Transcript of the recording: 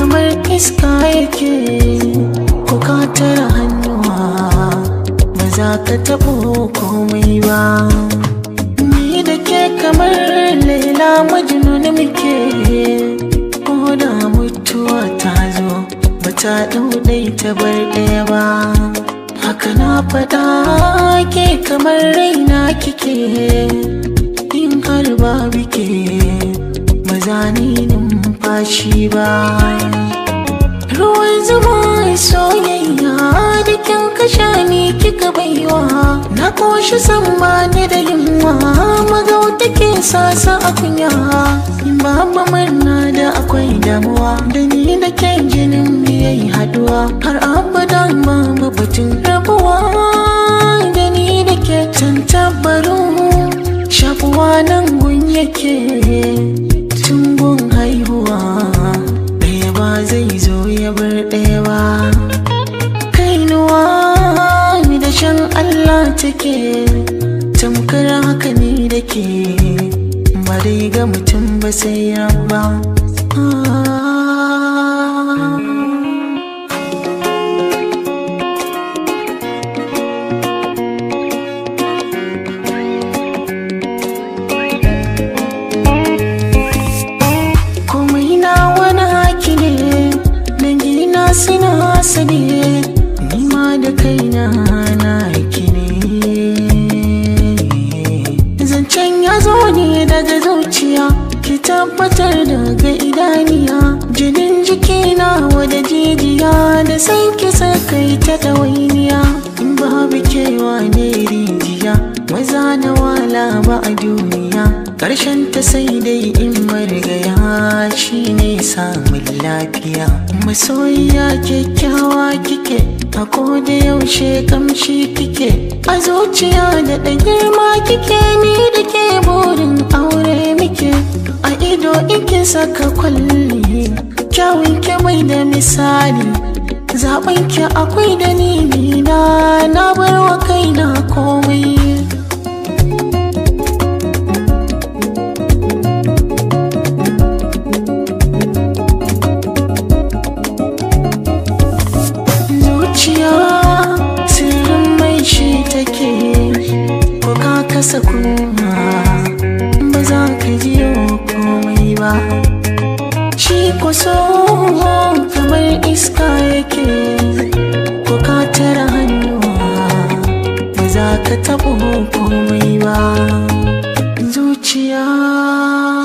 kamar iska yake ko ka tara hannuwa ba za ka taɓo komai ba ni da ke kamar laila majnun muke ko da mutuwa ta zo ba ta ɗauɗai ta bar ɗaya ba haka na faɗa ke kamar raina kike in har ba bike mazanin numfashi ba ruwan zuma soyayya da kyan kasha ne kika baiwa na koshi sama ni da yunwa Magauta ke sasa a kunya in ba take tamkar haka ne dake ke ga mutum ba sai rabba tabbatar da ga idaniya jinin jikina wada jijiya da san kisa kai ta ɗawainiya in babu kewa ne rijiya maza na wala ba a duniya ƙarshen ta sai dai in marigaya shi ne samun lafiya masoyiya kyakkyawa kike a ko da yaushe kamshi kike a zuciya da ɗan girma kike ni da ke burin aure ido ike saka kwalli kyawun ke mai da misali zaben ke akwai dalili na na bar wa kaina komai zuciya sirrin mai shi take ko ka kasa kuma kuso kamar iska yake ko ka tara hannuwa ba za ka taɓa komai ba zuciya